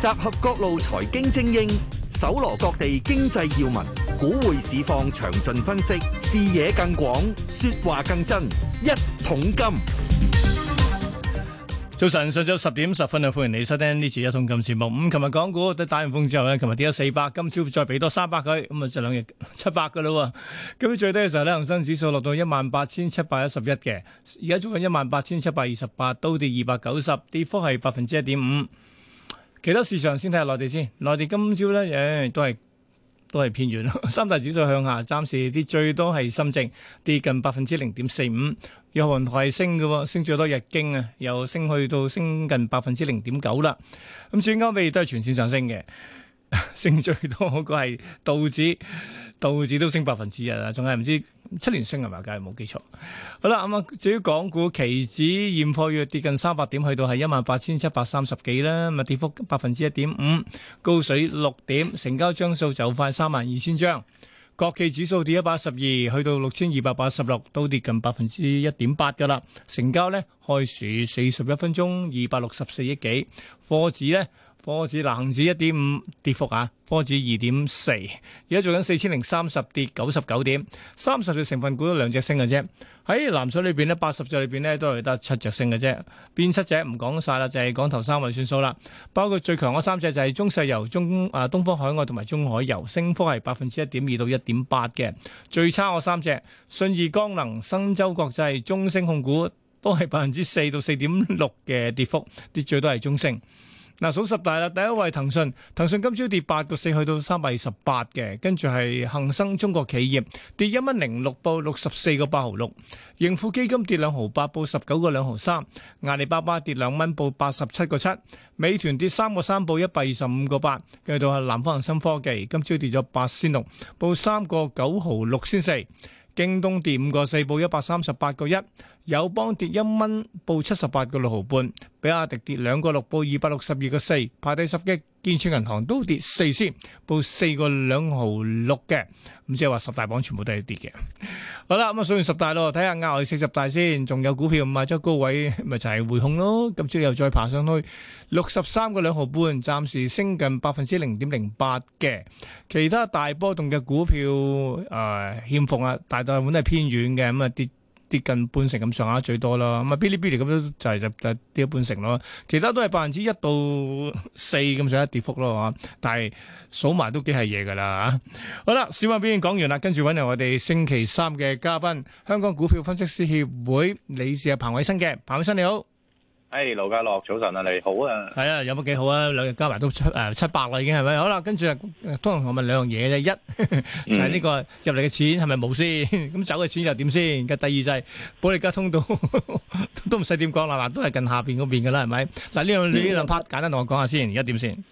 集合各路財經精英，搜羅各地經濟要聞，股匯市況詳盡分析，視野更廣，說話更真。一桶金，早晨，上晝十點十分啊！歡迎你收聽呢次一桶金節目。咁，琴日港股喺打完風之後呢，琴日跌咗四百，今朝再俾多三百佢，咁啊，就兩日七百噶啦。咁最低嘅時候呢，恒生指數落到一萬八千七百一十一嘅，而家做緊一萬八千七百二十八，都跌二百九十，跌幅係百分之一點五。其他市場先睇下內地先，內地今朝咧，誒都係都係偏軟咯。三大指數向下，暫時啲最多係深證跌近百分之零點四五，有雲台升嘅喎，升最多，日經啊，又升去到升近百分之零點九啦。咁轉歐美亦都係全線上升嘅，升 最多個係道指。道指都升百分之一啊，仲係唔知七年升係嘛？假如冇記錯，好啦，咁啊，至於港股期指，現貨月跌近三百點，去到係一萬八千七百三十幾啦，咪跌幅百分之一點五，高水六點，成交張數就快三萬二千張。國企指數跌一百十二，去到六千二百八十六，都跌近百分之一點八噶啦，成交呢，開市四十一分鐘二百六十四億幾，科指呢？波指、藍指一點五跌幅啊，波指二點四，而家做緊四千零三十跌九十九點，三十隻成分股都兩隻升嘅啫。喺藍水裏邊呢，八十隻裏邊呢都係得七,七隻升嘅啫。邊七隻唔講晒啦，就係、是、講頭三位算數啦。包括最強嗰三隻就係中石油、中啊東方海外同埋中海油，升幅係百分之一點二到一點八嘅。最差嗰三隻，信義光能、新洲國際、中升控股都係百分之四到四點六嘅跌幅，跌最多係中升。嗱，數十大啦，第一位騰訊，騰訊今朝跌八個四，去到三百二十八嘅，跟住係恒生中國企業跌一蚊零六，報六十四個八毫六，盈富基金跌兩毫八，報十九個兩毫三，阿里巴巴跌兩蚊，報八十七個七，美團跌三個三，報一百二十五個八，跟住到係南方恒生科技，今朝跌咗八仙六，報三個九毫六仙四，京東跌五個四，報一百三十八個一。友邦跌一蚊，報七十八個六毫半；比亞迪跌兩個六，報二百六十二個四。排第十嘅建設銀行都跌四先，報四個兩毫六嘅。咁即係話十大榜全部都係跌嘅。好啦，咁啊，所以十大咯，睇下額外四十大先，仲有股票賣咗高位，咪就係匯控咯。今朝又再爬上去六十三個兩毫半，暫時升近百分之零點零八嘅。其他大波動嘅股票，誒，欠奉啊，大大部分都係偏軟嘅，咁啊跌。跌近半成咁上下最多啦，咁啊嗶哩嗶哩咁都就係就就跌咗半成咯，其他都係百分之一到四咁上下跌幅咯，但係數埋都幾係嘢噶啦，好啦，小品表演講完啦，跟住揾嚟我哋星期三嘅嘉賓，香港股票分析師協會理事阿彭偉新嘅，彭偉新你好。誒，盧、hey, 家樂，早晨啊，你好啊，係啊，有冇幾好啊？兩日加埋都七誒七百啦，已經係咪？好 啦，跟住啊，通常我問兩樣嘢啫，一就係呢個入嚟嘅錢係咪冇先？咁走嘅錢又點先？嘅第二就係保利加通道都唔使點講啦，嗱都係近下邊嗰邊噶啦，係咪？嗱呢樣呢兩 part 簡單同我講下先，而家點先？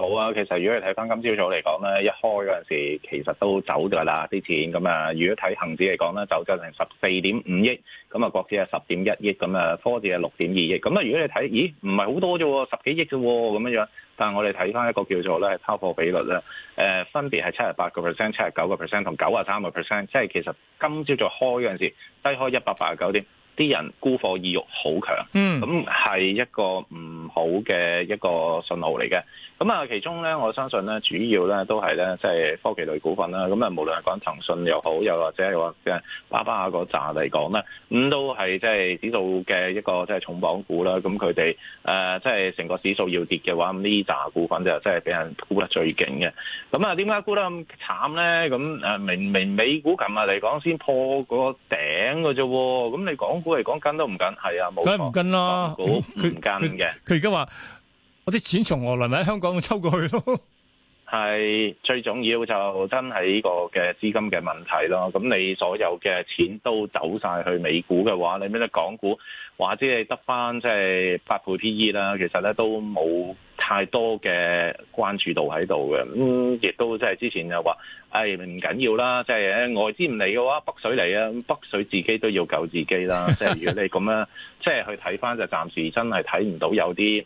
好啊，其實如果你睇翻今朝早嚟講咧，一開嗰陣時其實都走咗啦啲錢，咁啊，如果睇恒指嚟講咧，走咗成十四點五億，咁啊國指係十點一億，咁啊科指係六點二億，咁啊如果你睇，咦唔係好多啫，十幾億啫，咁樣樣，但係我哋睇翻一個叫做咧拋貨比率咧，誒、呃、分別係七十八個 percent、七十九個 percent 同九十三個 percent，即係其實今朝早開嗰陣時低開一百八十九點。啲人沽貨意欲好強，咁係、嗯、一個唔好嘅一個信號嚟嘅。咁啊，其中咧，我相信咧，主要咧都係咧，即係科技類股份啦。咁啊，無論係講騰訊又好，又或者係話即阿里巴巴嗰扎嚟講咧，咁都係即係指數嘅一個即係重磅股啦。咁佢哋誒即係成個指數要跌嘅話，咁呢扎股份就真係俾人沽得最勁嘅。咁啊，點解沽得咁慘咧？咁誒明明美股琴日嚟講先破個頂嘅啫，咁你講？估嚟講跟都唔跟，係啊冇。佢唔跟咯，佢唔跟嘅。佢而家話：我啲錢從何來咪喺香港抽過去咯。係最重要就是真係呢個嘅資金嘅問題咯。咁你所有嘅錢都走晒去美股嘅話，你咩度港股話者你得翻即係八倍 PE 啦？其實咧都冇。太多嘅關注度喺度嘅，咁、嗯、亦都即係之前又話，誒唔緊要啦，即係外資唔嚟嘅話，北水嚟啊，北水自己都要救自己啦。即係如果你咁樣，即係去睇翻，就暫時真係睇唔到有啲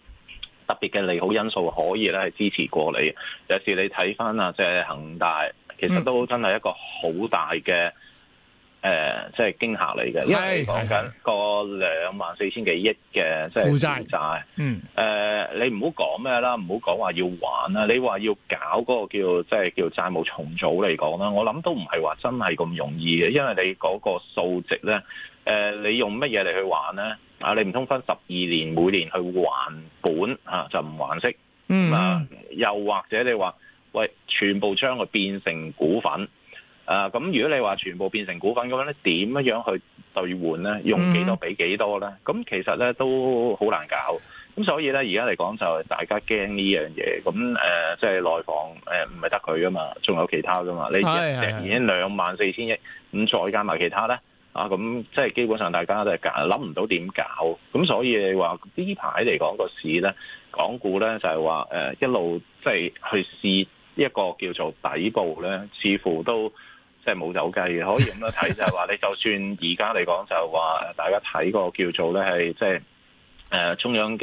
特別嘅利好因素可以咧支持過你。有時你睇翻啊，即係恒大，其實都真係一個好大嘅。嗯誒、呃，即係驚嚇你嘅，因為 Yeah, 講緊個 yeah, 兩萬四千幾億嘅，即係負債。嗯，誒、呃，你唔好講咩啦，唔好講話要還啦，你話要搞嗰個叫即係叫，叫做債務重組嚟講啦，我諗都唔係話真係咁容易嘅，因為你嗰個數值咧，誒、呃，你用乜嘢嚟去還咧？啊，你唔通分十二年每年去還本吓，啊，就唔還息？嗯啊，又或者你話喂，全部將佢變成股份？啊，咁如果你話全部變成股份咁樣咧，點樣去兌換咧？用幾多畀幾多咧？咁、嗯、其實咧都好難搞。咁所以咧，而家嚟講就係大家驚呢樣嘢。咁、嗯、誒、呃，即係內房誒，唔係得佢噶嘛，仲有其他噶嘛。的你一隻已經兩萬四千億，咁再加埋其他咧，啊，咁、嗯、即係基本上大家都係諗唔到點搞。咁、嗯、所以話呢排嚟講個市咧，港股咧就係話誒一路即係去試一個叫做底部咧，似乎都。即係冇走雞嘅，可以咁樣睇就係、是、話你就算而家嚟講就話、是，大家睇個叫做咧係即係誒中央誒誒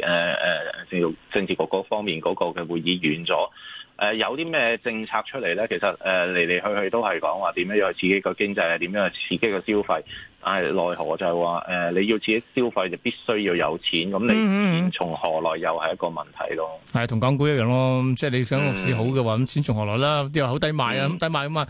政政治局嗰方面嗰個嘅會議完咗，誒、呃、有啲咩政策出嚟咧？其實誒嚟嚟去去都係講話點樣去刺激個經濟，點樣去刺激個消費。奈何就係話誒，你要自己消費就必須要有錢，咁你錢從何來又係一個問題咯。係同、嗯嗯嗯、港股一樣咯，即係你想市好嘅話，咁錢從何來啦？又話好抵買啊，咁、嗯、抵買啊嘛，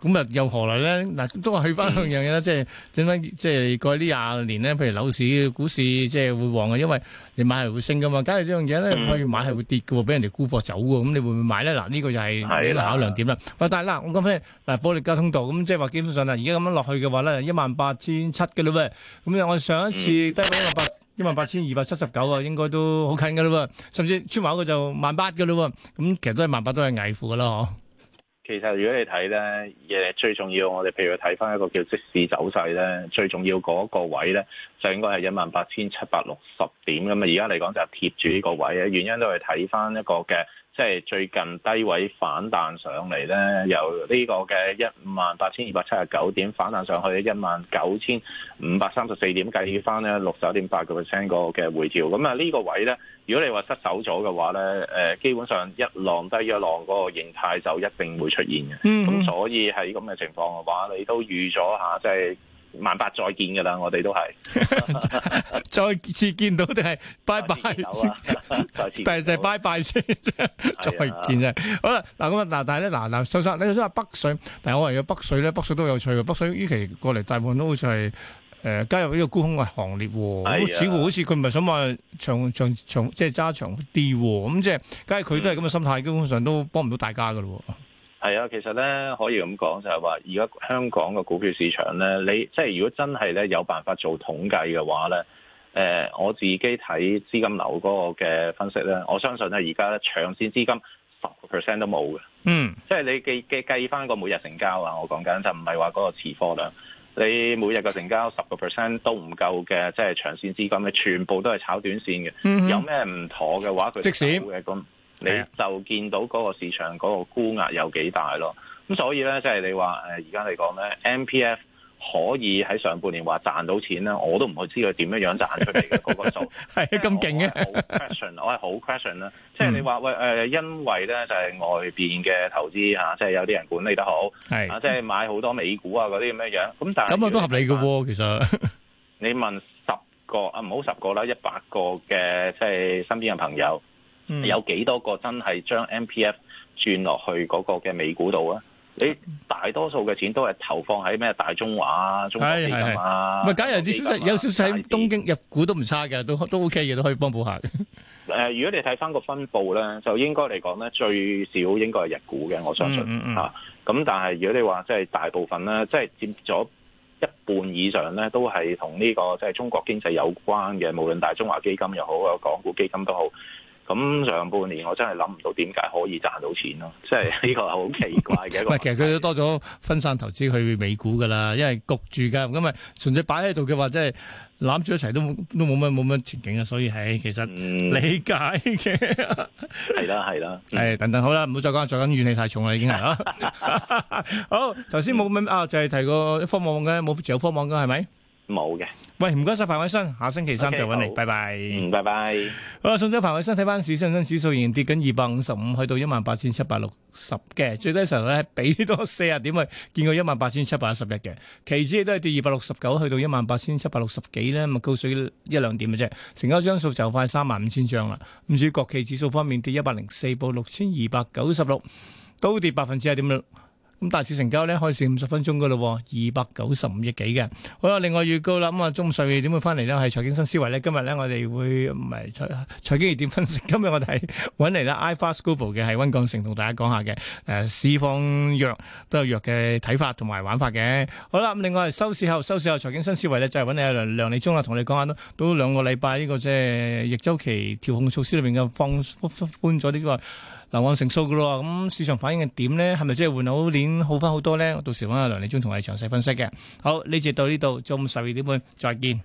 咁啊又何來咧？嗱，都話去翻兩樣嘢啦、嗯，即係整翻即係過去呢廿年咧，譬如樓市、股市即係會旺啊，因為你買係會升噶嘛，假如呢樣嘢咧，可以買係會跌嘅，俾人哋沽貨走嘅，咁你會唔會買咧？嗱，呢個就係考量點啦。喂、嗯，但係嗱，我講翻嗱，保歷加通道咁，即係話基本上啊，而家咁樣落去嘅話咧，一萬八千。千七嘅啦喂，咁我上一次低到一萬八，一萬八千二百七十九啊，應該都好近嘅啦喎，甚至出埋一個就萬八嘅啦喎，咁其實都係萬八都係矮褲嘅咯嗬。其實如果你睇咧，嘢最重要，我哋譬如睇翻一個叫即市走勢咧，最重要嗰個位咧就應該係一萬八千七百六十點咁啊，而家嚟講就係貼住呢個位啊，原因都係睇翻一個嘅。即係最近低位反彈上嚟咧，由呢個嘅一萬八千二百七十九點反彈上去一萬九千五百三十四點，計起翻咧六十九點八個 percent 個嘅回調。咁啊呢個位咧，如果你話失手咗嘅話咧，誒基本上一浪低一浪嗰個形態就一定會出現嘅。咁、mm hmm. 所以喺咁嘅情況嘅話，你都預咗下即係。就是萬八再見嘅啦，我哋都係再次見到就係拜拜，第 第拜拜先 再， 再見啫吧。 好啦，嗱咁啊，嗱但係咧，嗱嗱首先，你頭先話北水，但係我話要北水咧，北水都有趣嘅。北水呢期過嚟，大部分都好似係誒加入呢個沽空嘅行列喎。似乎好似佢唔係想話長長長，即係揸長啲咁，即係，假如佢都係咁嘅心態，基本上都幫唔到大家嘅咯。係啊，其實咧可以咁講，就係話而家香港嘅股票市場咧，你即係如果真係咧有辦法做統計嘅話咧，誒、呃、我自己睇資金流嗰個嘅分析咧，我相信咧而家長線資金十個 percent 都冇嘅。嗯，即係你，你計計計翻個每日成交啊，我講緊就唔係話嗰個持貨量，你每日嘅成交十個 percent 都唔夠嘅，即係長線資金咧全部都係炒短線嘅。嗯嗯、有咩唔妥嘅話，佢即使你就見到嗰個市場嗰個估額有幾大咯？咁所以咧，即、就、係、是呃、你話誒，而家嚟講咧，M P F 可以喺上半年話賺到錢咧，我都唔會知佢點樣樣賺出嚟嘅嗰個數，係咁勁嘅。好，我係好 question 啦，即係你話喂誒，因為咧就係、是、外邊嘅投資嚇，即、啊、係、就是、有啲人管理得好，係是啊，即、就、係、是、買好多美股啊嗰啲咁樣樣。咁但係咁啊，都合理嘅喎、啊。其實 你問十個啊，唔好十個啦，一百個嘅，即係身邊嘅朋友。 有幾多個真係將 M P F 轉落去嗰個嘅美股度啊？ 你大多數嘅錢都係投放喺咩大中華、啊、中國基金啊。唔係，假 如、啊、有少少東京入股都唔差嘅，都都 OK 嘅，都可以幫補下嘅。誒，如果你睇翻個分佈咧，就應該嚟講咧，最少應該係日股嘅，我相信嚇。咁、 啊、但係如果你話即係大部分咧，即、就、係、是、佔咗一半以上咧，都係同呢個即係中國經濟有關嘅，無論大中華基金又好，有港股基金都好。咁上半年我真係諗唔到點解可以賺到錢咯，即係呢個好奇怪嘅一個。唔 其實佢都多咗分散投資去美股噶啦，因為焗住噶，咁咪純粹擺喺度嘅話，即係攬住一齊都都冇乜冇乜前景啊！所以係其實理解嘅。係啦係啦，係、嗯、等等好啦，唔好再講，再講怨氣太重啦，已經係 啊。好，頭先冇咩啊，就係提過一科網嘅，冇持有科網嘅係咪？冇嘅，喂，唔該晒，彭偉生，下星期三就揾你，拜拜，嗯，拜拜。好，送咗彭偉生睇返市，恒生指數仍然跌緊二百五十五，去到一萬八千七百六十嘅，最低時候咧，俾多四十點去，見過一萬八千七百一十一嘅，期指亦都係跌二百六十九，去到一萬八千七百六十幾咧，咪高水一兩點嘅啫，成交張數就快三萬五千張啦。唔至於國企指數方面，跌一百零四，報六千二百九十六，都跌百分之一點咁大市成交咧，開始五十分鐘嘅咯，二百九十五億幾嘅。好啦，另外預告啦，咁啊中午十二點會翻嚟呢？係財經新思維呢。今日呢，我哋會唔係財財經熱點分析。今日我哋係揾嚟啦，iFAST Global 嘅係温港城同大家講下嘅誒市況弱都有弱嘅睇法同埋玩法嘅。好啦，咁另外收市後收市後財經新思維呢，就係揾阿梁李忠啊，同你講下都都兩個禮拜呢個即係、這個、逆周期調控措施裏邊嘅放寬咗呢個。流往成數嘅咯，咁市場反應嘅點咧，係咪真係換好年好翻好多咧？到時揾阿梁利忠同我哋詳細分析嘅。好，呢節到呢度，中午十二點半再見。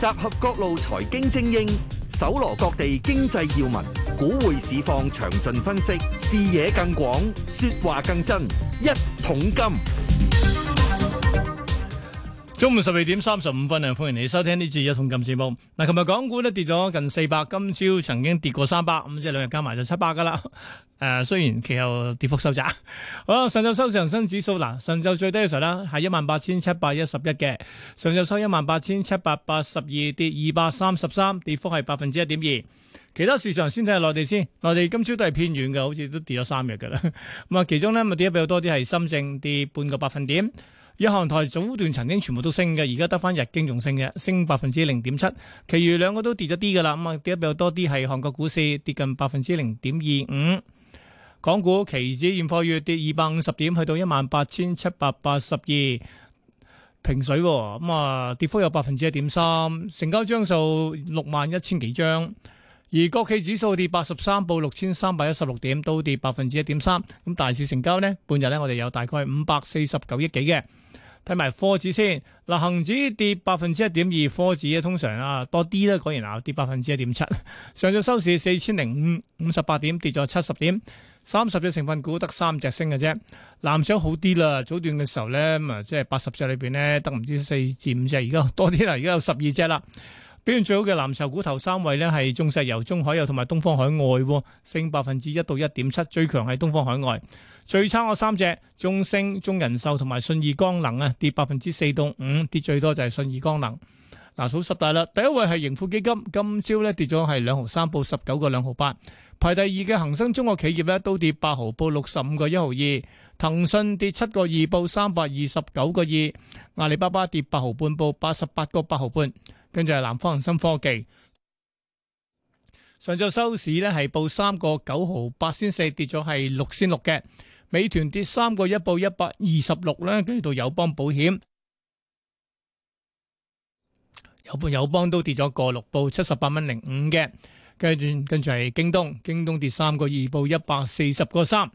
集合各路財經精英，搜羅各地經濟要聞，股匯市況詳盡分析，視野更廣，説話更真，一桶金。中午十二點三十五分，歡迎你收聽呢次一桶金節目。嗱，琴日港股都跌咗近四百，今朝曾經跌過三百，咁即係兩日加埋就七百噶啦。誒、呃，雖然其後跌幅收窄。 好，上晝收上證指數嗱，上晝最低嘅時候咧係一萬八千七百一十一嘅，上晝收一萬八千七百八十二，跌二百三十三，跌幅係百分之一點二。其他市場先睇下內地先，內地今朝都係偏軟嘅，好似都跌咗三日噶啦。咁啊，其中呢，咪跌得比較多啲係深證，跌半個百分點。日韓台早段曾經全部都升嘅，而家得翻日經仲升嘅，升百分之零點七。其餘兩個都跌咗啲噶啦，咁、嗯、啊跌得比較多啲係韓國股市跌近百分之零點二五。港股期指現貨月跌二百五十點，去到一萬八千七百八十二平水喎、哦。咁、嗯、啊，跌幅有百分之一點三，成交張數六萬一千幾張。而國企指數跌八十三，報六千三百一十六點，都跌百分之一點三。咁、嗯、大市成交呢，半日咧我哋有大概五百四十九億幾嘅。睇埋科指先，嗱恆指跌百分之一點二，科指咧通常啊多啲啦，果然啊跌百分之一點七，上晝收市四千零五五十八點，跌咗七十點，三十隻成分股得三隻升嘅啫。藍籌好啲啦，早段嘅時候咧，啊即係八十隻裏邊咧得唔知四至五隻，而家多啲啦，而家有十二隻啦。表現最好嘅藍籌股頭三位呢，係中石油、中海油同埋東方海外，升百分之一到一點七。最強係東方海外，最差我三隻中升、中人壽同埋信義光能啊，跌百分之四到五，跌最多就係信義光能。嗱，數十大啦，第一位係盈富基金，今朝咧跌咗係兩毫三，報十九個兩毫八。排第二嘅恒生中國企業咧，都跌八毫，報六十五個一毫二。騰訊跌七個二，報三百二十九個二。阿里巴巴跌八毫半，報八十八個八毫半。跟住係南方恒生科技，上晝收市咧係報三個九毫八仙四，4, 跌咗係六仙六嘅。美團跌三個一，報一百二十六啦。跟住到友邦保險，友友邦都跌咗個六，報七十八蚊零五嘅。跟住跟住係京東，京東跌三個二，報一百四十個三。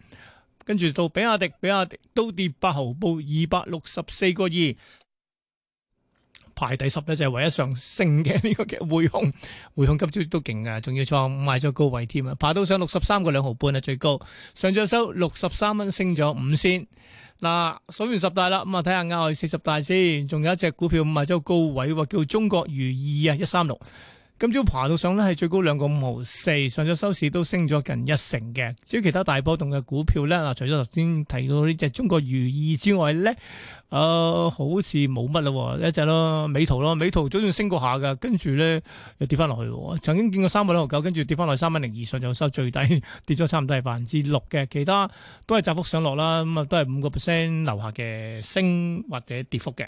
跟住到比亞迪，比亞迪都跌八毫，報二百六十四個二。排第十一隻，就係唯一上升嘅呢、這個嘅匯控，匯控今朝都勁啊，仲要創賣咗高位添啊，爬到上六十三個兩毫半啊最高，上咗收六十三蚊，升咗五仙。嗱、啊，數完十大啦，咁啊睇下亞外四十大先，仲有一隻股票賣咗高位，話叫中國如意啊，一三六，今朝爬到上咧，係最高兩個五毫四，上咗收市都升咗近一成嘅。至於其他大波動嘅股票咧，啊，除咗頭先提到呢隻中國如意之外咧，啊、呃，好似冇乜咯，一隻咯，美圖咯，美圖早段升過下噶，跟住咧又跌翻落去。曾經見過三蚊零毫九，跟住跌翻落去三蚊零二上，就收最低， 跌咗差唔多係百分之六嘅。其他都係窄幅上落啦，咁啊都係五個 percent 樓下嘅升或者跌幅嘅。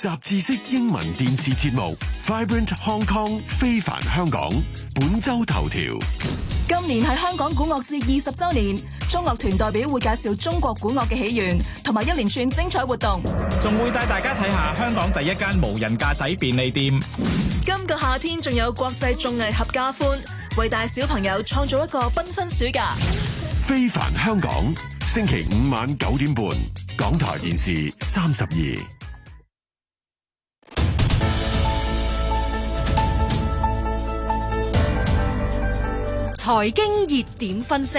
雜誌式英文電視節目《Vibrant Hong Kong》非凡香港本周頭條。今年係香港古樂節二十周年，中樂團代表會介紹中國古樂嘅起源，同埋一連串精彩活動，仲會帶大家睇下香港第一間無人駕駛便利店。今個夏天仲有國際綜藝合家歡，為大小朋友創造一個繽紛暑、暑假。非凡香港，星期五晚九點半，港台電視三十二。財經熱點分析，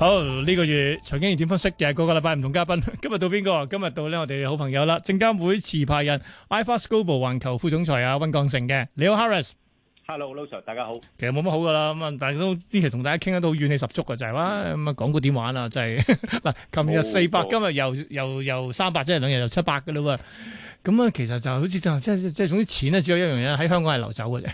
好呢個月財經熱點分析嘅，係個個禮拜唔同嘉賓，今日到邊個？今日到呢，我哋好朋友啦，證監會持牌人 iFast Global 環球副總裁啊温剛成嘅。你好，Harris。Hello，Lo Sir，大家好。其實冇乜好噶啦，咁啊，大家都呢期同大家傾得到，怨氣十足噶，就係話咁啊，港股點玩啊？就係嗱，琴日四百，今日又又又三百，即係兩日又七百噶啦喎。咁啊，400, oh, okay. 300, 其實就好似就即係即係，總之錢呢，只有一樣嘢喺香港係流走嘅啫，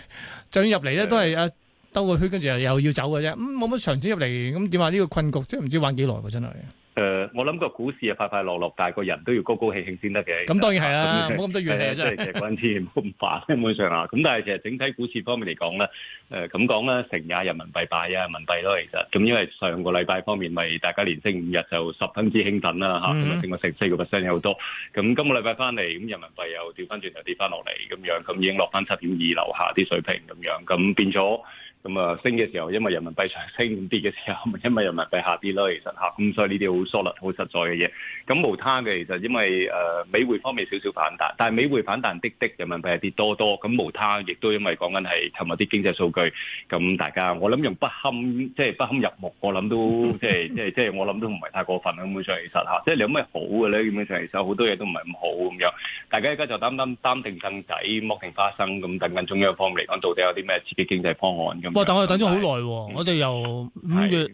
就要入嚟咧都係啊。Yeah. 兜個圈，跟住又又要走嘅啫，咁冇乜長子入嚟，咁點話呢個困局，即係唔知玩幾耐嘅真係。誒，我諗個股市啊快快樂樂，但係個人都要高高氣氣先得嘅。咁當然係啦，冇咁多怨氣真係。即係借軍添，冇咁煩。基本上啊，咁但係其實整體股市方面嚟講咧，誒咁講咧，成也人民幣，敗也人民幣咯。其實，咁因為上個禮拜方面咪大家連升五日就十分之興奮啦吓，咁啊升個成四個 percent 有好多。咁今個禮拜翻嚟，咁人民幣又掉翻轉又跌翻落嚟，咁樣咁已經落翻七點二樓下啲水平咁樣，咁變咗。咁啊，升嘅時候因為人民幣上升，跌嘅時候因為人民幣下跌咯。其實嚇，咁所以呢啲好 solid、好實在嘅嘢。咁無他嘅，其實因為誒美匯方面少少反彈，但係美匯反彈滴滴，人民幣係跌多多。咁無他，亦都因為講緊係琴日啲經濟數據。咁大家我諗用不堪，即係不堪入目。我諗都即係即係即係，我諗都唔係太過分咁樣上嚟。實嚇，即係你有咩好嘅咧？基本上其實，好多嘢都唔係咁好咁樣。大家而家就擔擔擔定凳仔，剝定花生咁等緊中央方面嚟講，到底有啲咩刺激經濟方案。哇！但係我哋等咗好耐，我哋由五月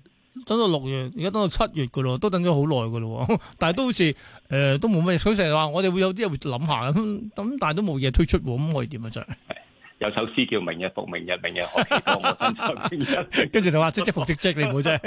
等到六月，而家等到七月噶咯，都等咗好耐噶咯。但係都好似誒，都冇咩，所以成日話我哋會有啲嘢會諗下咁，咁但係都冇嘢推出，咁我哋點啊？真係有首詩叫《明日復明日，明日何其多》，我等在明日。跟住就話：即即復即即，你冇啫。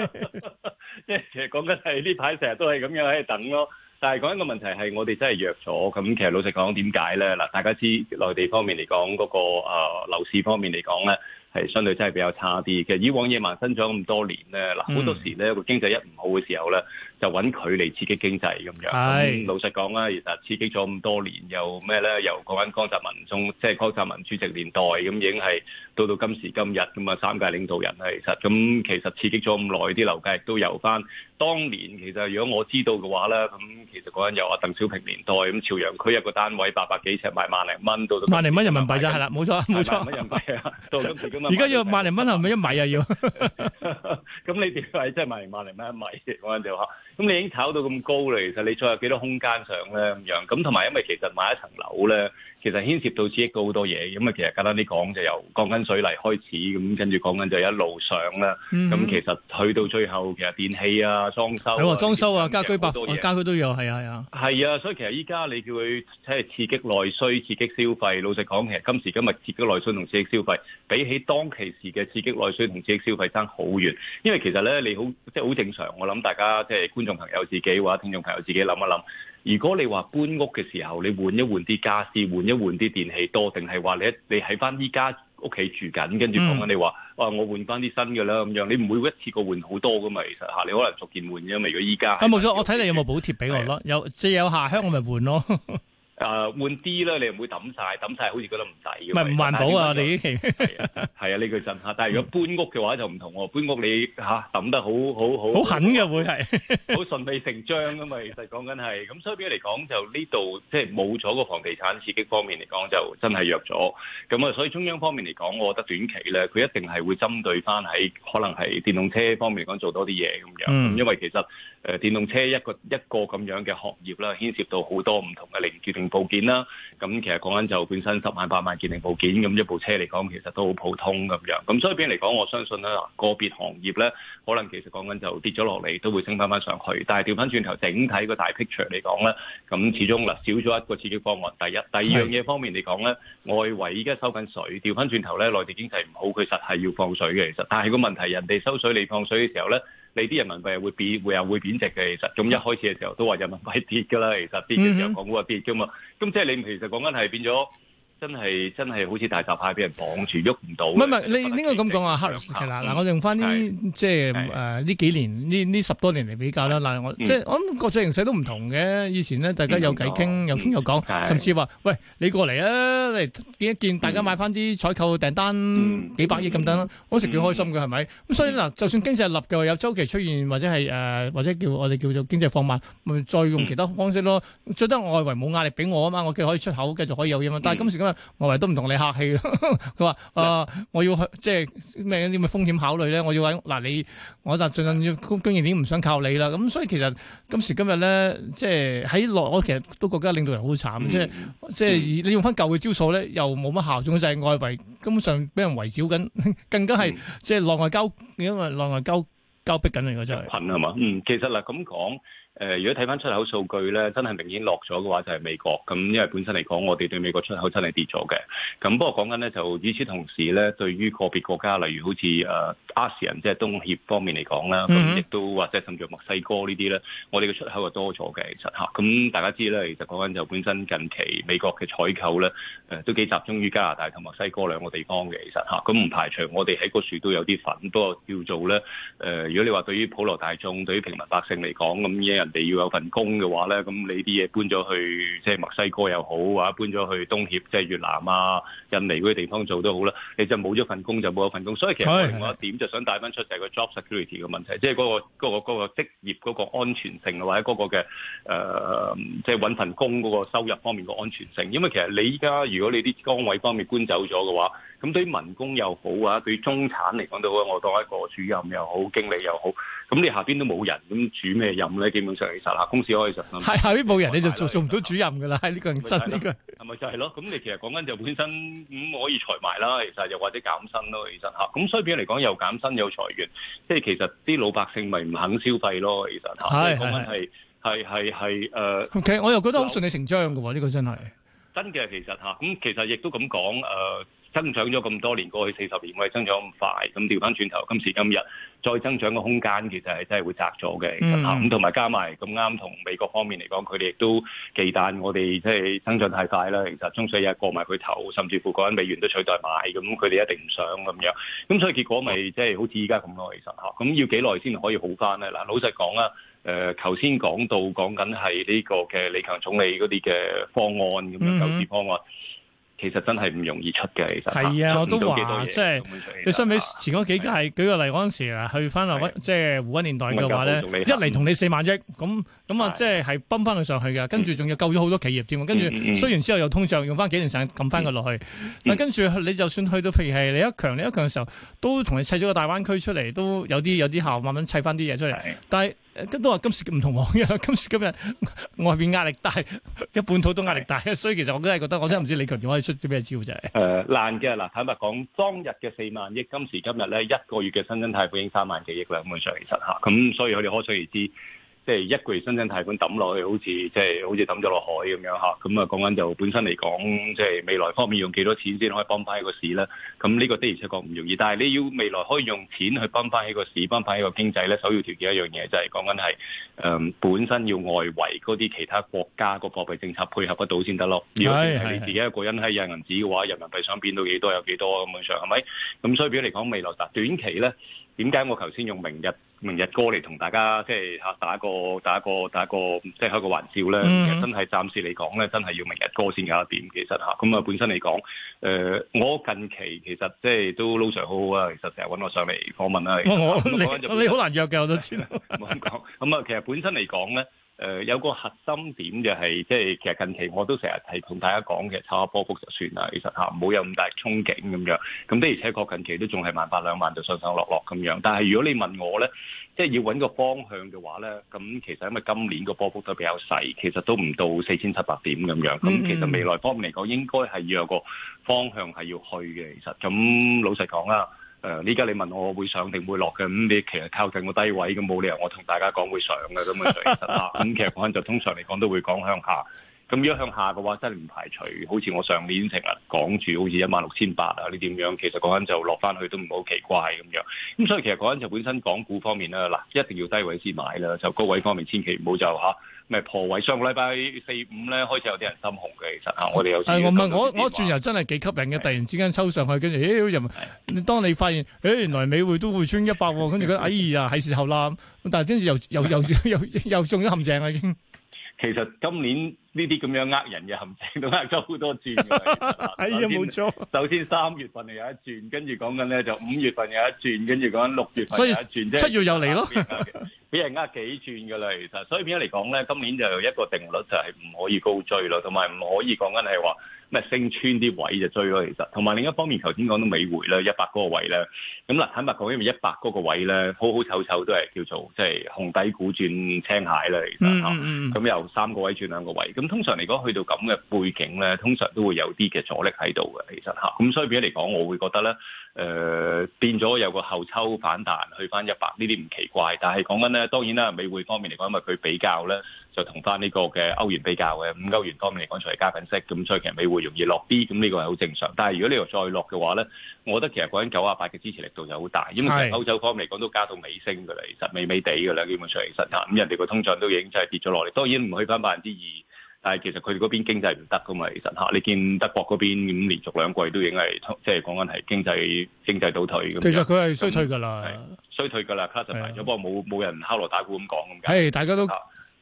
即係其實講緊係呢排成日都係咁樣喺度等咯。但係講一個問題係，我哋真係約咗。咁其實老實講，點解咧？嗱，大家知內地方面嚟講，嗰個誒樓市方面嚟講咧。係相對真係比較差啲，嘅。其實以往野蠻生長咁多年咧，嗱，好多時咧，個經濟一唔好嘅時候咧，就揾佢嚟刺激經濟咁樣，咁老實講啦，其實刺激咗咁多年，又咩咧？由嗰陣江澤民中，即係江澤民主席年代咁，已經係到到今時今日咁啊，三屆領導人啦，其實咁其實刺激咗咁耐，啲樓價亦都由翻當年，其實如果我知道嘅話咧，咁其實嗰陣有啊鄧小平年代咁，朝陽區有個單位八百幾尺賣萬零蚊，到到萬零蚊人民幣啫，係啦，冇錯，冇錯，錯錯錯錯，今時今日啊、人民幣啊，到咗而家要萬零蚊係咪一米啊要？咁你點計，即係萬零萬零蚊一米嗰陣就嚇？咁、嗯、你已經炒到咁高啦，其實你再有幾多空間上咧咁樣？咁同埋因為其實買一層樓咧。其實牽涉到刺激好多嘢，咁啊，其實簡單啲講，就由講緊水泥開始，咁跟住講緊就一路上啦。咁、嗯嗯、其實去到最後，其實電器啊、裝修、啊，係喎裝修啊、樣家居百貨家居都有，係啊係啊。係啊，所以其實依家你叫佢即係刺激內需、刺激消費。老實講，其實今時今日刺激內需同刺激消費，比起當其時嘅刺激內需同刺激消費爭好遠。因為其實咧，你好即係好正常。我諗大家即係、就是、觀眾朋友自己或者聽眾朋友自己諗一諗。如果你話搬屋嘅時候，你換一換啲家私，換一換啲電器多，定係話你喺你喺翻依家屋企住緊，跟住講緊你話，嗯、啊我換翻啲新嘅啦咁樣，你唔會一次過換好多噶嘛，其實吓，你可能逐件換啫嘛。如果依家，啊冇錯，我睇你有冇補貼俾我咯，係嘅我咯，有即係有下鄉我咪換咯。誒換啲啦，你唔會抌曬，抌曬好似覺得唔抵。唔係唔環保啊！你係啊，呢句真嚇。但係如果搬屋嘅話就唔同喎，搬屋你嚇抌得好好好。好狠嘅會係，好順理成章啊嘛！其實講緊係咁，所以畀嚟講就呢度即係冇咗個房地產刺激方面嚟講就真係弱咗。咁啊，所以中央方面嚟講，我覺得短期咧佢一定係會針對翻喺可能係電動車方面嚟講做多啲嘢咁樣。嗯。因為其實誒電動車一個一個咁樣嘅行業啦，牽涉到好多唔同嘅連結。部件啦，咁其實講緊就本身十萬八萬件零部件，咁一部車嚟講其實都好普通咁樣。咁所以邊嚟講，我相信咧個別行業咧，可能其實講緊就跌咗落嚟，都會升翻翻上去。但係調翻轉頭，整體個大 picture 嚟講咧，咁始終嗱少咗一個刺激方案。第一、第二樣嘢方面嚟講咧，外圍依家收緊水，調翻轉頭咧，內地經濟唔好，佢實係要放水嘅。其實，但係個問題，人哋收水，你放水嘅時候咧。你啲人民幣係會變，會係會貶值嘅。其實，咁一開始嘅時候都話人民幣跌㗎啦。其實跌嘅時候，mm hmm. 港股係跌㗎嘛。咁即係你其實講緊係變咗。真係真係好似大閘蟹，俾人綁住喐唔到。唔係唔係，你應該咁講啊，黑龍市勢啦。嗱，我用翻呢即係誒呢幾年呢呢十多年嚟比較啦。嗱，我即係我諗國際形勢都唔同嘅。以前咧，大家有偈傾，有傾有講，甚至話喂，你過嚟啊，你見一見，大家買翻啲採購訂單幾百億咁等。啦，嗰時幾開心嘅係咪？咁所以嗱，就算經濟立嘅話有周期出現，或者係誒或者叫我哋叫做經濟放慢，咪再用其他方式咯。最多外圍冇壓力俾我啊嘛，我嘅可以出口，繼續可以有嘢嘛。但係今時外圍都唔同你客氣咯， 佢話：，啊，我要去，即係咩啲咁嘅風險考慮咧，我要搵嗱你，我就盡量要經已點唔想靠你啦。咁、嗯、所以其實今時今日咧，即係喺內，我其實都覺得領導人好慘、嗯，即係即係你用翻舊嘅招數咧，又冇乜效，仲就係外圍根本上俾人圍剿緊，更加係、嗯、即係內外交因為內外交交逼緊嚟嘅真係。係嘛？嗯，其實嗱咁講。誒，如果睇返出口數據咧，真係明顯落咗嘅話，就係、是、美國。咁因為本身嚟講，我哋對美國出口真係跌咗嘅。咁不過講緊咧，就與此同時咧，對於個別國家，例如好似誒 ASEAN 即係東協方面嚟講啦，亦、mm hmm. 都或者甚至墨西哥呢啲咧，我哋嘅出口就多咗嘅。其實嚇，咁、啊、大家知咧，其實講緊就本身近期美國嘅採購咧，誒都幾集中於加拿大同墨西哥兩個地方嘅。其實嚇，咁、啊、唔排除我哋喺個樹都有啲份，不過叫做咧誒、呃，如果你話對於普羅大眾、對於平民百姓嚟講，咁嘅你要有份工嘅話咧，咁你啲嘢搬咗去即係墨西哥又好啊，或者搬咗去東協即係越南啊、印尼嗰啲地方做都好啦。你就冇咗份工就冇咗份工，所以其實另一點就想帶翻出就係個 job security 嘅問題，即係嗰個嗰個嗰個職業嗰個安全性，或者嗰個嘅誒、呃、即係揾份工嗰個收入方面個安全性。因為其實你依家如果你啲崗位方面搬走咗嘅話，咁對於民工又好啊，對於中產嚟講到，我當一個主任又好，經理又好，咁你下邊都冇人，咁主咩任咧？基本上其實嚇公司可以實。係下邊冇人你就做做唔到主任噶啦，呢個係真呢個。係咪就係咯？咁你其實講緊就本身咁可以裁埋啦，其實又或者減薪咯，其實嚇。咁相反嚟講，又減薪又裁員，即係其實啲老百姓咪唔肯消費咯，其實嚇。講緊係係係誒。OK，我又覺得好順理成章嘅喎，呢個真係。真嘅，其實嚇咁，其實亦都咁講誒。增長咗咁多年過去四十年，我哋增長咁快，咁掉返轉頭，今時今日再增長嘅空間其實係真係會窄咗嘅。咁同埋加埋咁啱，同美國方面嚟講，佢哋亦都忌憚我哋即係增長太快啦。其實中水一過埋佢頭，甚至乎個人美元都取代埋，咁佢哋一定唔想咁樣。咁所以結果咪即係好似依家咁咯。其實嚇，咁要幾耐先可以好翻咧？嗱，老實講啦，誒、呃，頭先講到講緊係呢個嘅李強總理嗰啲嘅方案咁嘅救市方案。其實真係唔容易出嘅，其實係啊，我都話即係你相比前嗰幾屆，舉個例嗰陣時啊，去翻亞即係胡溫年代嘅話咧，一嚟同你四萬億，咁咁啊，即係係崩翻佢上去嘅，跟住仲要救咗好多企業添，跟住雖然之後又通脹，用翻幾年時間撳翻佢落去，但跟住你就算去到譬如係李克強、李克強嘅時候，都同你砌咗個大灣區出嚟，都有啲有啲效，慢慢砌翻啲嘢出嚟，但係。咁都話今時唔同往日，今時今日外邊壓力大，一本土都壓力大， 所以其實我真係覺得，我真係唔知李強可以出啲咩招就係誒難嘅嗱，坦白講，當日嘅四萬億，今時今日咧一個月嘅新增貸款已經三萬幾億啦，咁嘅上其實吓，咁所以我哋可想而知。即係一個月新增貸款抌落去，好似即係好似抌咗落海咁樣嚇。咁啊講緊就本身嚟講，即係未來方面用幾多錢先可以幫翻一個市咧？咁呢個的而且確唔容易。但係你要未來可以用錢去幫翻起個市、幫翻起個經濟咧，首要條件一樣嘢就係講緊係誒本身要外圍嗰啲其他國家個貨幣政策配合得到先得咯。係你自己一個人喺印銀紙嘅話，人民幣想變到幾多有幾多咁樣上係咪？咁所以嚟講未來嗱短期咧。點解我頭先用明日明日歌嚟同大家即係嚇打個打個打個即係開個玩笑咧？其實真係暫時嚟講咧，真係要明日歌先有一點。其實嚇，咁啊，本身嚟講，誒我近期其實即係都撈 Sir 好好啊，其實成日揾我上嚟訪問啦。我，你好難約㗎，我都知啊。唔好咁講啊。其實本身嚟講咧，誒、呃、有個核心點就係、是，即係其實近期我都成日係同大家講嘅，炒下波幅就算啦。其實唔好有咁大憧憬咁樣。咁的而且確近期都仲係萬八兩萬就上上落落咁樣。但係如果你問我咧，即係要搵個方向嘅話咧，咁其實因為今年個波幅都比較細，其實都唔到四千七百點咁樣。咁其實未來方面嚟講，應該係要有個方向係要去嘅。其實咁老實講啦。誒，依家、呃、你問我會上定會落嘅，咁、嗯、你其實靠近個低位，咁冇理由我同大家講會上嘅咁啊！其咁其實嗰陣就通常嚟講都會講向下。咁如果向下嘅話，真係唔排除，好似我上年成日講住，好似一萬六千八啊，你點樣，其實嗰陣就落翻去都唔好奇怪咁樣。咁所以其實嗰陣就本身港股方面咧，嗱，一定要低位先買啦，就高位方面千祈唔好就嚇、是。啊咩破位？上個禮拜四五咧開始有啲人心紅嘅，其實嚇我哋有。誒，我唔係我我轉又真係幾吸引嘅，突然之間抽上去，跟住誒又。你當你發現，誒原來美匯都會穿一百喎，跟住覺得哎呀係時候啦，但係跟住又又又又又中咗陷阱啦已經。其實今年。呢啲咁樣呃人嘅陷阱都呃咗好多轉，哎呀冇錯。首先三月份又有一轉，跟住講緊咧就五月份有一轉，跟住講緊六月份有一轉啫。七月又嚟咯，俾人呃幾轉㗎啦。其實，所以變咗嚟講咧，今年就有一個定律就係唔可以高追咯，同埋唔可以講緊係話咩升穿啲位就追咯。其實，同埋另一方面，頭先講到美匯咧，一百嗰個位咧，咁嗱坦白講，因為一百嗰個位咧，好好醜醜都係叫做即係紅底股轉青蟹啦。其實啊，咁由三個位轉兩個位。咁通常嚟講，去到咁嘅背景咧，通常都會有啲嘅阻力喺度嘅，其實嚇。咁、啊、所以變咗嚟講，我會覺得咧，誒、呃、變咗有個後抽反彈，去翻一百呢啲唔奇怪。但係講緊咧，當然啦，美匯方面嚟講，因為佢比較咧就同翻呢個嘅歐元比較嘅，咁歐元方面嚟講，就係加緊息，咁所以其實美匯容易落啲，咁呢個係好正常。但係如果你又再落嘅話咧，我覺得其實講緊九啊八嘅支持力度就好大，因為歐洲方面嚟講都加到尾聲嘅啦，其實美美地嘅啦，基本上其實嚇咁人哋個通脹都已經真係跌咗落嚟，當然唔去翻百分之二。但係其實佢哋嗰邊經濟唔得噶嘛，其實吓你見德國嗰邊咁連續兩季都已經係即係講緊係經濟經濟倒退咁。其實佢係衰退噶啦，衰退噶啦 class 埋咗，不過冇冇人敲鑼打鼓咁講咁解。係的樣大家都、啊、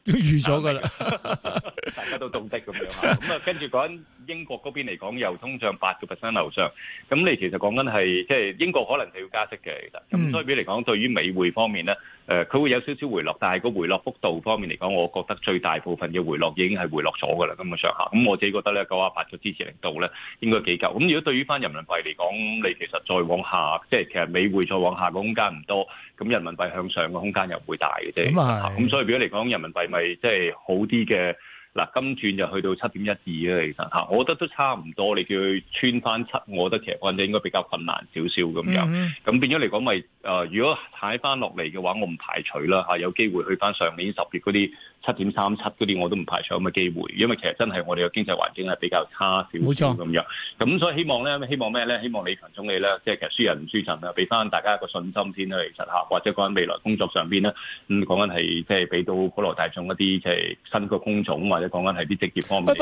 都預咗噶啦， 大家都懂得咁樣啊。咁啊、 嗯，跟住講。英國嗰邊嚟講，又通脹八個 percent 樓上，咁你其實講緊係即係英國可能係要加息嘅其實，咁所以嚟講，對於美匯方面咧，誒、呃、佢會有少少回落，但係個回落幅度方面嚟講，我覺得最大部分嘅回落已經係回落咗噶啦咁嘅上下，咁我自己覺得咧，九啊八個支持力度咧應該幾夠。咁如果對於翻人民幣嚟講，你其實再往下，即係其實美匯再往下嘅空間唔多，咁人民幣向上嘅空間又唔會大嘅啫。咁、就是、啊，咁所以嚟講，人民幣咪即係好啲嘅。嗱，今轉就去到七點一二啦，其實嚇，我覺得都差唔多，你叫佢穿翻七，我覺得其實反正應該比較困難少少咁樣，咁變咗嚟講咪誒，如果踩翻落嚟嘅話，我唔排除啦嚇、啊，有機會去翻上年十月嗰啲七點三七嗰啲，我都唔排除咁嘅機會，因為其實真係我哋嘅經濟環境係比較差少，冇錯咁樣，咁所以希望咧，希望咩咧？希望李強總理咧，即係其實輸人唔輸陣啦，俾翻大家一個信心先啦，其實嚇，或者講緊未來工作上邊咧，咁講緊係即係俾到普羅大眾一啲即係新嘅工種或者講緊係啲職業方面，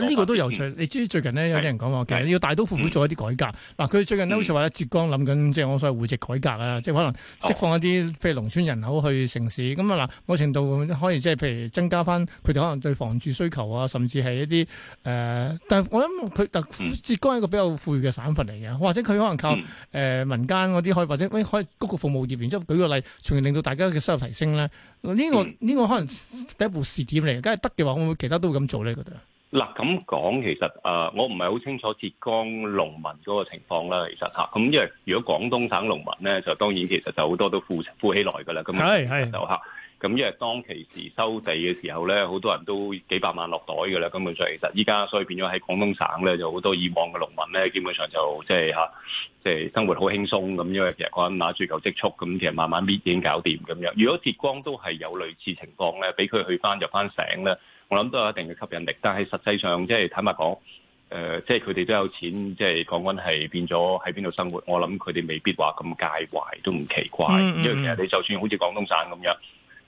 呢呢個都有趣。你知最近咧有啲人講話，其實要大刀闊斧做一啲改革。嗱，佢最近咧好似話浙江諗緊，即係我所謂戶籍改革啊，即係可能釋放一啲譬如農村人口去城市。咁啊嗱，某程度可以即係譬如增加翻佢哋可能對房住需求啊，甚至係一啲誒。但係我諗佢浙江係一個比較富裕嘅省份嚟嘅，或者佢可能靠誒民間嗰啲，可以或者可以嗰個服務業。然之後舉個例，從而令到大家嘅收入提升咧。呢個呢個可能第一步試點嚟，梗係得嘅話。會唔會其他都咁做咧？覺得嗱咁講，其實啊，我唔係好清楚浙江農民嗰個情況啦。其實嚇咁，因為如果廣東省農民咧，就當然其實就好多都富富起來噶啦。咁係係就嚇、係、咁，係係因為當其時收地嘅時候咧，好多人都幾百萬落袋噶啦。根本上其實依家所以變咗喺廣東省咧，就好多以往嘅農民咧，基本上就即係嚇即係生活好輕鬆咁。因為其實嗰陣拿住嚿積蓄咁，其實慢慢搣已經搞掂咁樣。如果浙江都係有類似情況咧，俾佢去翻入翻醒咧。我諗都有一定嘅吸引力，但係實際上即係坦白講，誒、呃、即係佢哋都有錢，即係講緊係變咗喺邊度生活。我諗佢哋未必話咁介懷，都唔奇怪。Mm hmm. 因為其實你就算好似廣東省咁樣，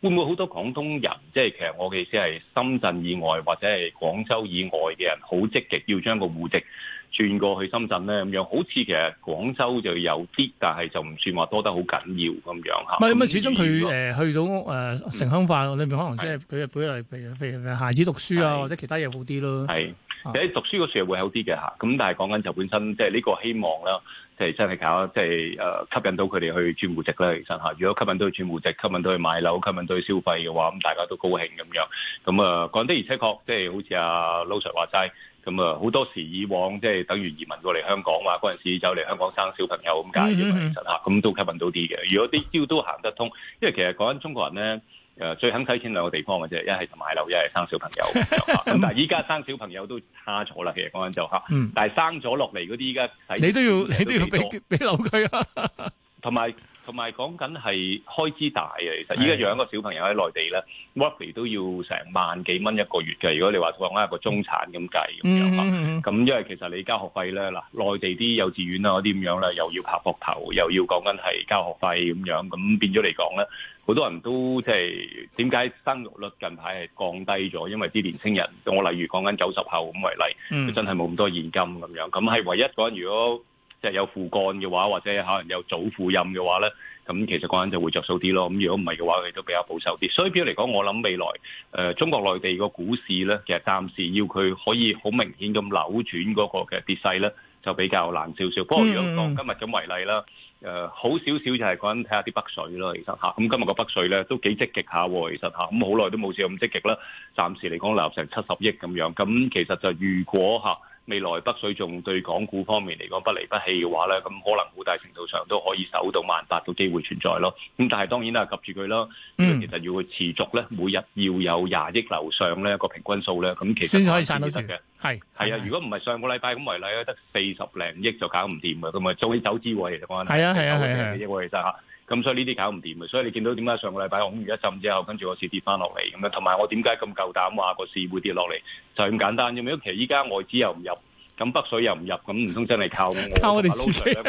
會唔會好多廣東人即係其實我嘅意思係深圳以外或者係廣州以外嘅人，好積極要將個戶籍？轉過去深圳咧咁樣，好似其實廣州就有啲，但係就唔算話多得好緊要咁樣嚇。唔係，唔係，始終佢誒、呃、去到誒城、呃、鄉化裏面可能即係佢嘅比例，譬如譬如孩子讀書啊，是的 或者其他嘢好啲咯。係。喺 讀書個社會好啲嘅嚇，咁但係講緊就本身即係呢個希望啦，即係真係搞即係誒吸引到佢哋去轉戶籍啦。其實嚇。如果吸引到去轉戶籍，吸引到去買樓，吸引到去消費嘅話，咁大家都高興咁樣。咁、嗯、啊講得而且確，即係、啊、好似阿 Lo Sir 話齋，咁啊好多時以往即係等於移民過嚟香港，話嗰陣時走嚟香港生小朋友咁解嘅，其實吓，咁都吸引到啲嘅。如果啲招都行得通，因為其實講緊中國人咧。誒最肯使錢兩個地方嘅啫，一係就買樓，一係生小朋友。咁 但係依家生小朋友都差咗啦，其實講緊就嚇。嗯、但係生咗落嚟嗰啲，依家你都要都你都要俾俾樓佢啊，同埋。同埋講緊係開支大啊！其實依家養一個小朋友喺內地咧 workday 都要成萬幾蚊一個月嘅。如果你話放喺一個中產咁計咁樣啊，咁、嗯嗯、因為其實你交學費咧，嗱內地啲幼稚園啊嗰啲咁樣咧，又要拍膊頭，又要講緊係交學費咁樣，咁變咗嚟講咧，好多人都即係點解生育率近排係降低咗？因為啲年青人，我例如講緊九十後咁為例，佢、嗯、真係冇咁多現金咁樣，咁係唯一個人如果。即係有副干嘅話，或者可能有早副任嘅話咧，咁其實嗰陣就會着數啲咯。咁如果唔係嘅話，佢都比較保守啲。所以比較嚟講，我諗未來誒、呃、中國內地個股市咧，其實暫時要佢可以好明顯咁扭轉嗰個嘅跌勢咧，就比較難少少。不過如果講今日咁為例啦，誒、呃、好少少就係講睇下啲北水咯，其實嚇咁、啊嗯、今日個北水咧都幾積極下、啊，其實嚇咁好耐都冇試咁積極啦。暫時嚟講流入成七十億咁樣，咁、啊、其實就如果嚇。未來北水仲對港股方面嚟講不離不棄嘅話咧，咁可能好大程度上都可以守到萬八個機會存在咯。咁但係當然啦，及住佢咯。因為其實要持續咧，每日要有廿億流上咧個平均數咧，咁其實先可以賺到錢嘅。係係啊，如果唔係上個禮拜咁為例咧，得四十零億就搞唔掂嘅，咁啊仲要走資喎，其實關係啊，係啊，係啊。咁所以呢啲搞唔掂嘅，所以你見到點解上個禮拜紅如一浸之後，跟住個市跌翻落嚟咁樣，同埋我點解咁夠膽話個市會跌落嚟就係咁簡單啫？因為其實依家外資又唔入，咁北水又唔入，咁唔通真係靠我？靠我哋自己？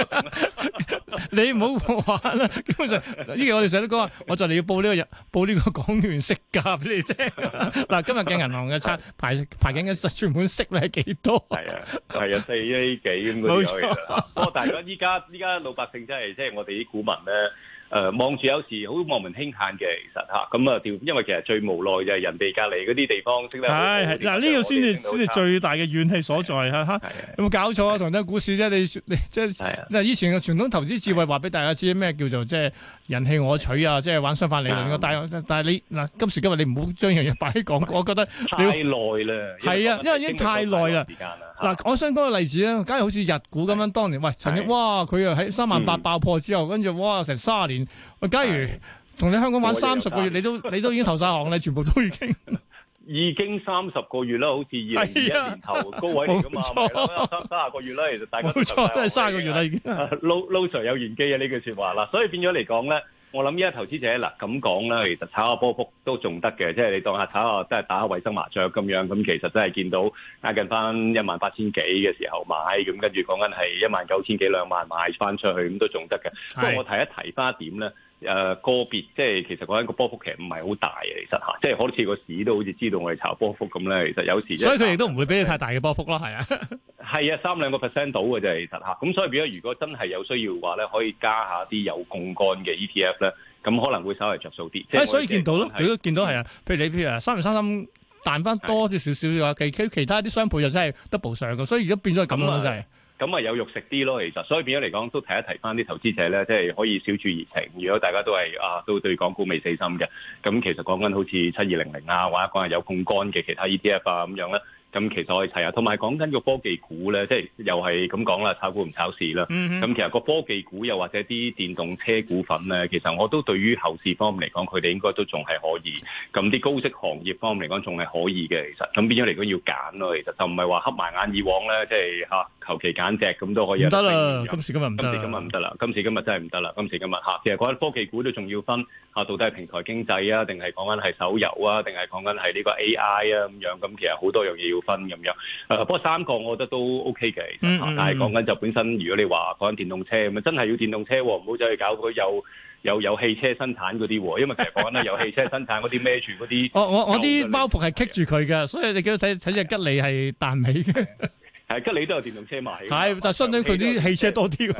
你唔好話啦，基本上依家我哋成日都講話，我就嚟要報呢個入報呢個港元息價俾你啫。嗱，今日嘅銀行嘅差排排緊嘅存款息率係幾多？係啊，係啊，四 A 幾咁嗰啲嚟啦。不過但係而家而家老百姓真係即係我哋啲股民咧。誒，望住有時好望門興嘆嘅，其實吓，咁啊，調，因為其實最無奈就係人哋隔籬嗰啲地方升得。係嗱，呢個先至先至最大嘅怨氣所在吓吓。有冇搞錯啊？同聽股市啫，你你即係嗱，以前嘅傳統投資智慧話俾大家知咩叫做即係人棄我取啊，即係玩相反理論。但係但係你嗱，今時今日你唔好將樣嘢擺喺講，我覺得太耐啦。係啊，因為已經太耐啦。嗱，我想講個例子咧，假如好似日股咁樣，當年喂，曾經，哇，佢又喺三萬八爆破之後，跟住哇，成卅年，喂，假如同你香港玩三十個月，你都你都已經投晒降咧，全部都已經，已經三十個月啦，好似二一年頭高位嚟噶嘛，係三十個月咧，其實大家冇錯，都係三十個月啦，已經。Low low Sir 有玄機啊！呢句説話啦，所以變咗嚟講咧。我諗依家投資者嗱，咁講啦，其實炒下波幅都仲得嘅，即係你當下炒下即係打下衞生麻雀咁樣，咁其實真係見到加近翻一萬八千幾嘅時候買，咁跟住講緊係一萬九千幾兩萬賣翻出去，咁都仲得嘅。不過是我提一提花點咧。誒個別即係其實講緊個波幅其實唔係好大嘅，其實吓，即係好似個市都好似知道我哋炒波幅咁咧。其實有時，所以佢哋都唔會俾你太大嘅波幅咯，係啊，係啊，三兩個 percent 到嘅就係其實吓。咁所以變咗，如果真係有需要嘅話咧，可以加下啲有槓桿嘅 ETF 咧，咁可能會稍為着數啲。所以見到咯，佢都見到係啊。譬如你譬如啊，三零三三彈翻多啲少少嘅話，其其他啲雙倍就真係 double 上嘅。所以而家變咗係咁樣真係。咁咪有肉食啲咯，其實，所以變咗嚟講，都提一提翻啲投資者咧，即係可以小注怡情。如果大家都係啊，都對港股未死心嘅，咁其實講緊好似七二零零啊，或者講係有槓桿嘅其他 ETF 啊，咁樣咧。咁其實我係睇下，同埋講緊個科技股咧，即係又係咁講啦，炒股唔炒市啦。咁其實個科技股又或者啲電動車股份咧，其實我都對於後市方面嚟講，佢哋應該都仲係可以。咁啲高息行業方面嚟講，仲係可以嘅。其實咁變咗嚟講，要揀咯。其實就唔係話黑埋眼以往咧，即係吓求其揀隻咁都可以。唔得啦！今時今日唔得，今時今日唔得啦！今時今日真係唔得啦！今時今日吓，其實講緊科技股都仲要分吓，到底係平台經濟啊，定係講緊係手遊啊，定係講緊係呢個 AI 啊咁樣。咁其實好多樣嘢要。分咁樣，誒，不過三個我覺得都 O K 嘅，但係講緊就本身，如果你話講緊電動車咁啊，真係要電動車，唔好走去搞佢有有有汽車生產嗰啲喎，因為其實講緊啦，有汽車生產嗰啲孭住嗰啲。我我我啲包袱係棘住佢嘅，所以你見到睇睇隻吉利係彈起嘅，係吉利都有電動車賣嘅，係但相對佢啲汽車多啲喎，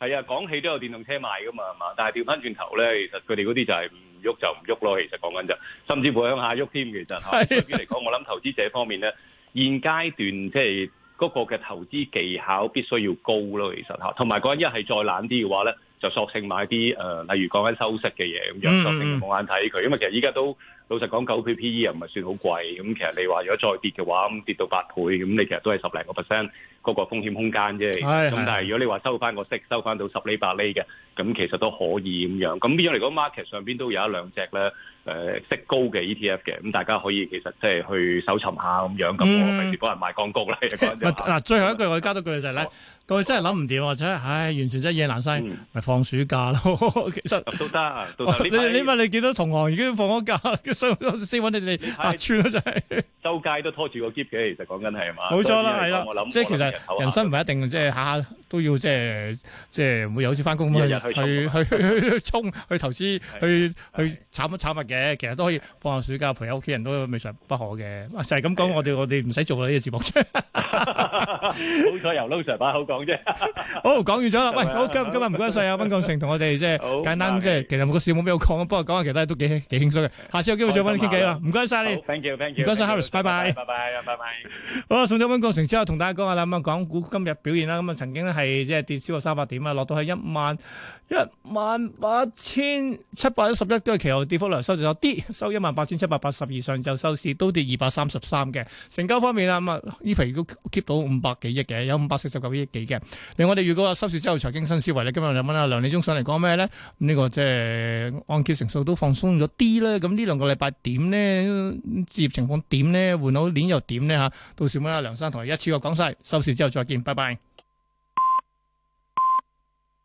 係啊，講起都有電動車賣噶嘛，係嘛，但係調翻轉頭咧，其實佢哋嗰啲就係、是。喐就唔喐咯，其實講緊就，甚至乎向下喐添。其實嚇，對於嚟講，我諗投資者方面咧，現階段即係嗰個嘅投資技巧必須要高咯。其實嚇，同埋講緊一係再懶啲嘅話咧，就索性買啲誒、呃，例如講緊收息嘅嘢咁樣，索性冇眼睇佢，因為其實依家都。老實講，九倍 P/E 又唔係算好貴，咁其實你話如果再跌嘅話，咁跌到八倍，咁你其實都係十零個 percent 個、嗰個風險空間啫。咁的但係如果你話收翻個息，收翻到十厘八厘嘅，咁其實都可以咁樣。咁變咗嚟講 market 上邊都有一兩隻咧。誒息高嘅 ETF 嘅，咁大家可以其實即係去搜尋下咁樣咁，費事幫人賣廣告啦。嗱最後一句我加多句就係咧，當你真係諗唔掂或者，唉完全真係夜難睡，咪放暑假咯。其實都得，你你見到同行已經放咗假，所以先揾你哋壓住咯，就係周街都拖住個喼嘅。其實講緊係嘛？冇錯啦，係啦，即係其實人生唔係一定即係下下都要即係即係會有次翻工去去去去衝去投資去去炒乜炒乜嘅。嘅，其實都可以放下暑假陪下屋企人都未上不可嘅，就係咁講。我哋我哋唔使做啊呢個節目。好彩由 Lucy 把口講啫。好，講完咗啦。喂，好，今今日唔該曬啊，温國成同我哋即係簡單即係其實個事冇咩好講，不過講下其他嘢都幾幾輕鬆嘅。下次有機會再揾傾偈喎。唔該曬你，Thank you，Thank you，唔該曬 Harris，拜拜，拜拜，拜拜。好啊，送咗温國成之後，同大家講下啦。咁啊，港股今日表現啦，咁啊曾經咧係即係跌超過三百點啊，落到去一萬。一萬八千七百一十一都係其後跌幅量收咗有啲收一萬八千七百八十二，上晝收市都跌二百三十三嘅。成交方面啊，咁啊依都 keep 到五百幾億嘅，有五百四十九億幾嘅。嚟，我哋如果收市之後財經新思維咧，今日兩問啦。梁利宗上嚟講咩咧？呢個即係按揭成數都放鬆咗啲啦。咁呢兩個禮拜點咧？置業情況點咧？換樓鏈又點咧？吓到時，阿梁生同佢一次過講晒，收市之後再見，拜拜。